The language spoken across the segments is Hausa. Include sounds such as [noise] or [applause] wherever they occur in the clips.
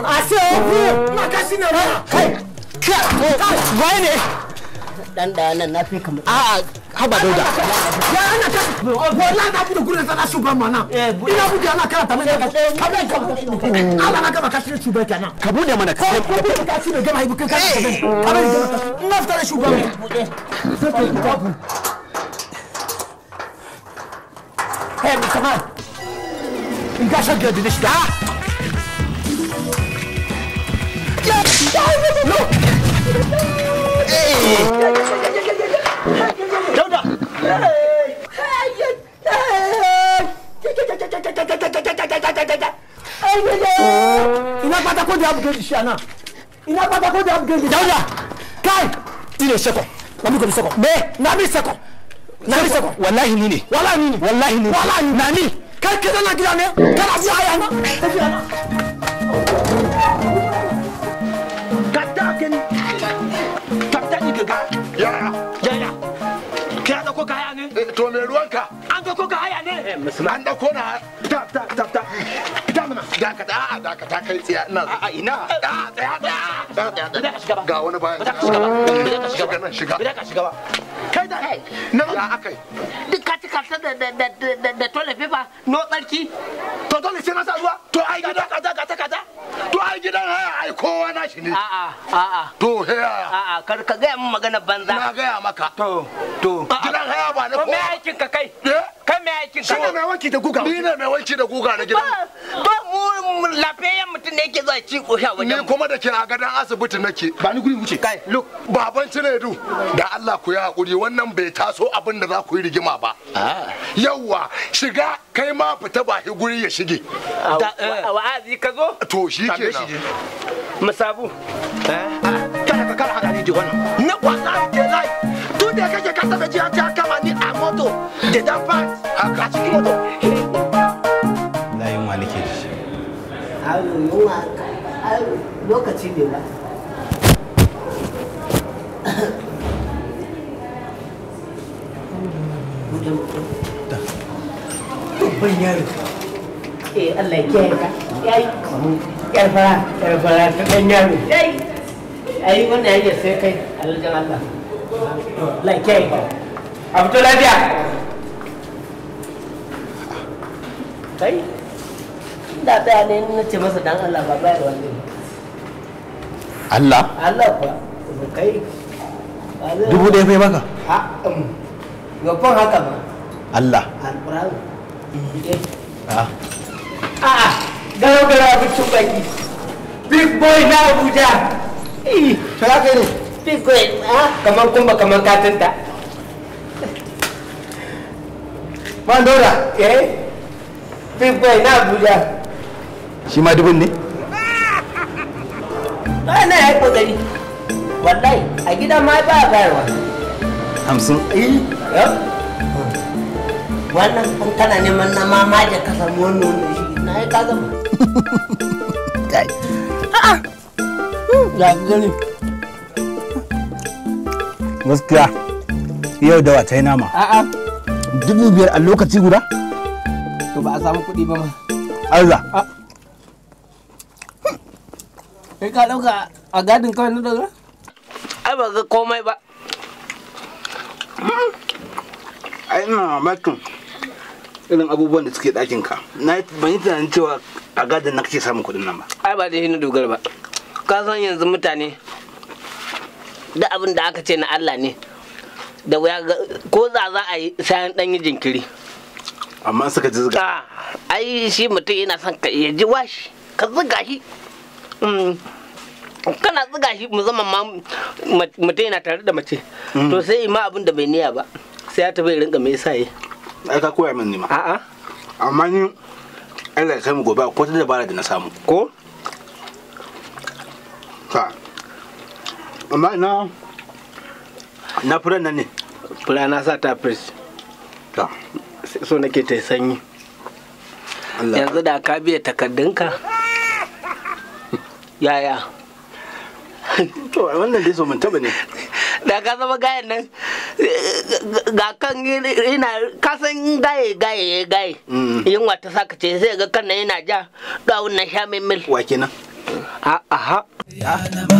Ase open. Na kasi na na. Ka, why ne? Dan da nan na fi kamar. A haba dauda. Ya ana ka. Wallahi na bude gurin sana shugaban ma na. Ina bude ana kana ta mai ka. Ka bai ka. Ala na ka kashi shugaban ka na. Ka bude mana ka. Ko ko ka kashi ne gama ibukan ka. Ka bai ka. Ina fita da shugaban. Sai ka Hey Mustafa. In Gaza gördün işte. Ha? Ya, no. Hey. Dawda. Ina pata ko de upgrade shi ana. Ina pata ko de upgrade. Dawda. Kai. Tile seko. Nami ko seko. Be, nami seko. na ni sakwa wallahi ni ne wallahi ni ne wallahi ni wallahi kai zana gida ne na tafiya na ni ga ya ya ya da ko ka haya ne eh, to me an ga ko ka haya ne eh, an da ko na dakata a'a ah, dakata kai tsaya ina a'a ina a'a ah, tsaya tsaya tsaya shiga ba ga wani baya ba shiga ba ba shiga ba shiga ba ka shiga ba kai da kai na ya akai duk ka tika ta da da da da tole toilet paper no tsarki to dole sai na sa ruwa to ai gidan kaza kaza kaza to ai gidan haya ai kowa na shi ne a'a a'a to haya a'a kar ka ga mun magana banza na ga maka to to gidan haya ba na ko me aikin ka kai eh? kai me aikin ka shi ne mai wanki da guga ni ne mai wanki da guga na gidan mu lafiyayyen mutum ne yake zuwa ci ko kosha wajen ni kuma da ke a gadon asibiti nake ba ni guri wuce kai look baban cinedu da Allah ku yi hakuri wannan bai taso abin da za ku yi rigima ba ah. yawwa shiga kai ma fita ba shi guri ya shige eh. wa'azi ka zo to shi kenan musabu eh? kada ka kara haka ji wannan na kwasa ke lai tun da kake kasa da jiya ta kama ni a moto da dan fat a cikin moto yunwa lokaci ne ba babban yaro eh Allah ya kiyaye ka yayi yar fara yar fara yaro yayi wannan yayi sai kai aljan Allah Allah ya kiyaye ka kai da tsaya ne na ce masa dan Allah ba bayarwa ne Allah Allah ba kai dubu ɗaya bai maka um, babban haka ba Allah a a garau garau abincin baki big boy na Abuja to ya kai ne big boy kamar kumba kamar katinta Mandora eh big boy na Abuja shi ma dubun ne ba na ya kokari wallahi a gida ma ba bayarwa hamsin eh wannan kun kana neman na mama da ka samu wannan shi na yi ka gama [laughs] kai a'a ga hmm, gani gaskiya yau da wata nama a'a dubu biyar a lokaci guda to ba a samu kuɗi ba ma Allah kai ka dauka a gadin kawai na daga ai ba ga komai ba ai ina mamakin irin abubuwan da suke ɗakin ka na ban yi tunanin cewa a gadin na kake samun kuɗin nan ba ai ba da na dogara ba ka san yanzu mutane da abin da aka ce na Allah ne da wuya ko za za a yi sayan ɗanyi jinkiri amma suka ji zuga ah, ai shi mutum yana son ka ya ji washi ka zuga shi Mm. kana tsiga shi musamman ma mutum yana tare da mace mm. to sai ma abin da bai niya ba sai ya tafi rinka mai sa yi ka koya min ne ma a'a amma ni Allah ya kai mu gobe ko ta dabara da na samu ko ta amma na na fura nan ne fura na sa ta fris so nake ta sanyi yanzu da ka biya takardunka yaya to wannan dai mun taba ne da ka zama gayen nan ga kan ina kasan gaye gaye gaye mm. yin wata saka ce sai ga kan yana ja da wannan sha mil wa kenan a'a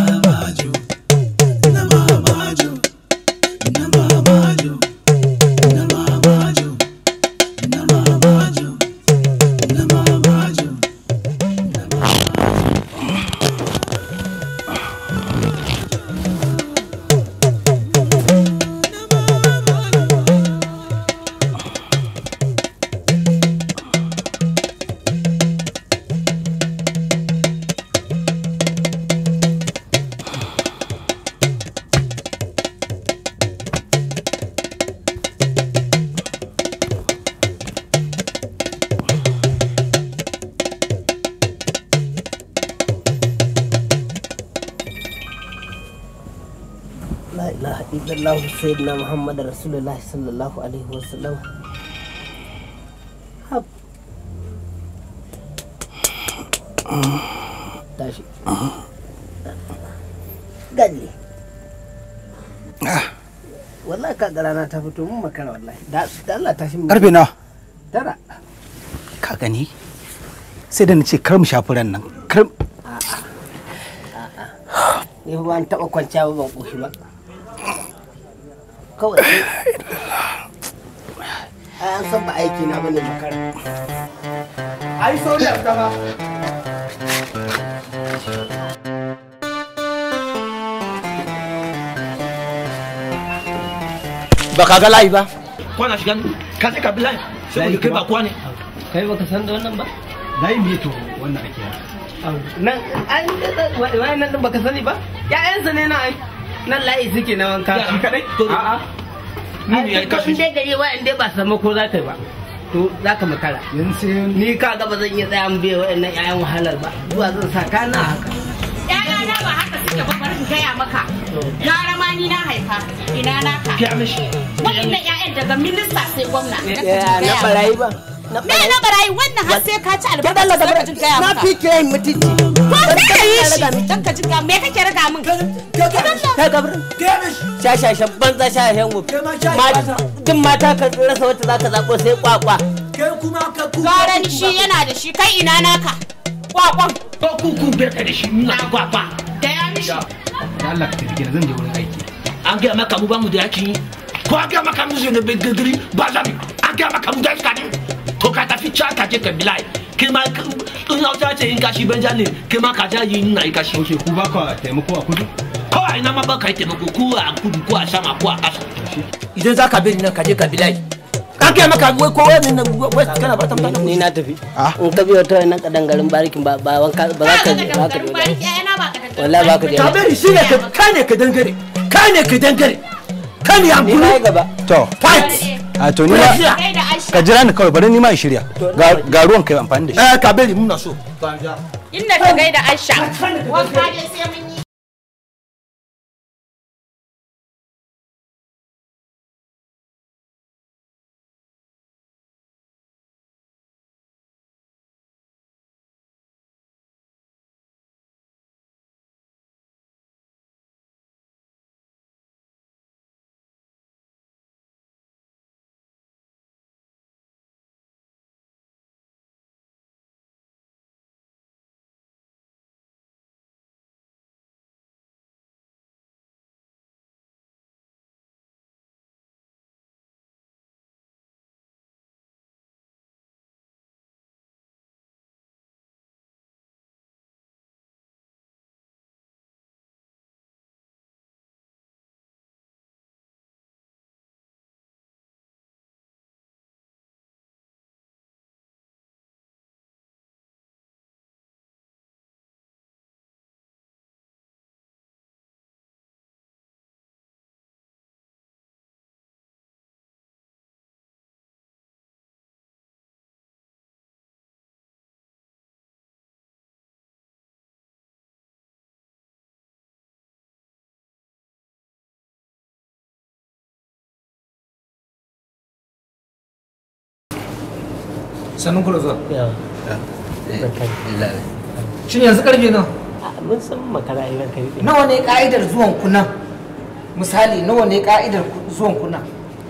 sallallahu sayyidina muhammad rasulullahi sallallahu alaihi wasallam hab tashi ah wallahi ka gara na ta fito mun makara wallahi da Allah karfe nawa tara ka gani sai da nace kar mu shafi ran nan kar ni taba kwanciya ban koshi ba kawai eh, an san ba aiki na bane makara ai sorry ta ba ba ka ga layi ba kwana shiga ka sai ka bi layi saboda kai ba kwane kai baka san da wannan ba layi me to wannan ake nan an wani nan baka sani ba ya'yansa ne na ai nan layi suke na wanka ya kadai a'a ni dai gari wa in dai ba samu ko za ta ba to za ka makara ni ka ga ba zan iya tsaya mu biya wa'annan ƴaƴan wahalar ba zuwa zan sa kana haka ƴaƴa na ba haka suke ba bari gaya maka gara ma ni na haifa ina naka wa'annan ƴaƴan daga minista sai gwamna na barayi ba me na barayi wannan har sai ka ci albarka da ka jin na fi yin mutunci ko sai ka yi shi dan ka jin gaya me kake raga min ka kabrin shashashan banza shashashan wuf duk mata ka rasa wata zaka zabo sai kwakwa kai kuma ka kuma garan shi yana da shi kai ina naka kwakwan ko kuku bai ka da shi na kwakwa da ya mishi Allah ka tafi zan je wurin aiki an gaya maka mu mu da yaki ko an maka bai ba an maka mu da ca ka je ka bi lai ma in hausa ce in kashi banja ne kai ma ka ja yi yi kashi ok ku ba ka ko a kudu kawai ma ba ka yi ko ku a kudu ko a sama ko a ƙasa idan za ka ka je ka bi k'a an maka wai kowa na k'a na ba tamta ni na tafi ah? in ka biyo ta nan kadan garin barikin ba ba wanka ba za ka ba ka dole wallahi ba ka dole tabari shi ne ka ne ka dangare ka ne ka dangare ka ne an gaba to fight a to ni ka jira ni kawai bari ni ma in shirya ga ruwan kai amfani da shi eh kabeli bari muna so inda ta gaida aisha wanka dai sai mun sannan kuna zuwa eh, shin yanzu karfe nan mun san makara iran kai nawa ne ka'idar zuwan ku nan misali nawa ne ka'idar zuwan ku nan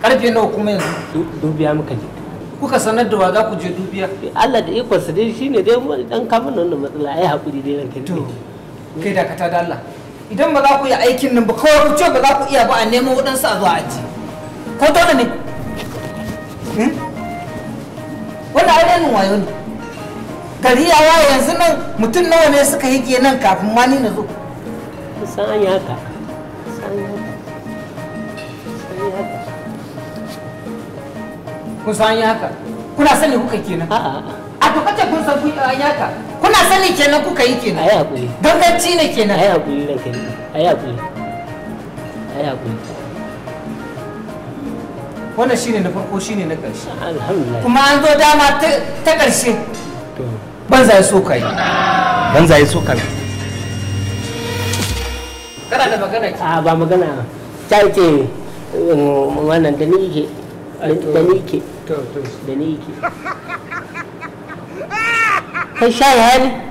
karfe nawa kuma yanzu dubiya muka je kuka sanar da wa za ku je dubiya Allah da ikon sa dai shine dai dan kamun wannan matsala ai hakuri dai ranka to kai da kata da Allah idan ba za ku yi aikin nan ba kawai ku ce ba za ku iya ba a neman waɗansu a zuwa aji ko dole ne hmm? wanda aure wayo ne gari ya waye yanzu nan mutum nawa ne suka yi nan kafin ma ni na zo san an haka kun san ya ka kuna sani kuka kenan a to kace kun san kun ya ka kuna sani kenan kuka yi kenan ayi hakuri ganganci ne kenan ayi hakuri ranka kenan, ayi hakuri ayi hakuri wannan shine na farko shine na ƙarshe kuma an zo dama ta ƙarshe banza ya so ka yi banza ya so ka yi kana da magana ki a ba magana ta ke um, wannan da ni ke da ni ke da ni ke kai shayi hali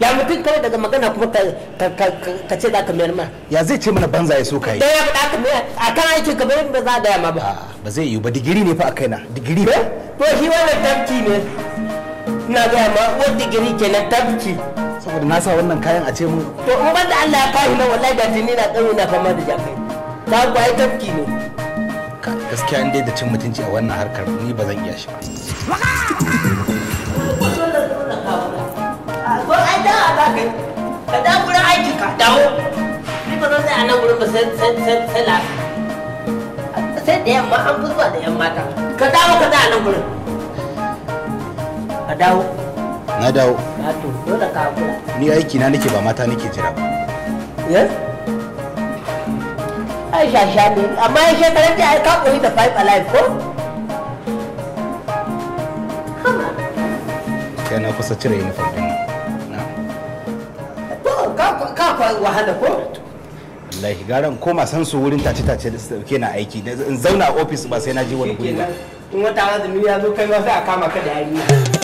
ya mutum kawai daga magana kuma ka ce da ka mayar ma ya zai ce mana banza ya so ka yi da ya faɗa ka mayar a kan aikin ka ba za a daya ma ba ba zai yiwu ba digiri ne fa a kaina digiri ba eh? to shi wannan tabki ne na gaya ma ko digiri kenan tabki saboda na sa wannan kayan a ce mu to in ban da Allah ya kawo na wallahi da tuni na tsaro na fama da jakai ta ku ai tabki ne gaskiya in dai da cin mutunci a wannan harkar ni ba zan iya shi ba ba sai lafi sai da yamma an fi zuwa da yamma ta ka dawo ka da nan gurin ka dawo na dawo na ah, to dole ka hakura ni aiki na nake ba mata nake jira ba yes eh? ai shasha ne amma ya shekarar da ai ka koyi da five alive ko gaskiya na kusa cire uniform din na ka ka wahala ko lai garan koma san su wurin tace tace da suke na aiki in zauna a ofis ba sai na ji wani guri ba in wata azumi ya zo kai ma sai a kama ka da yarinya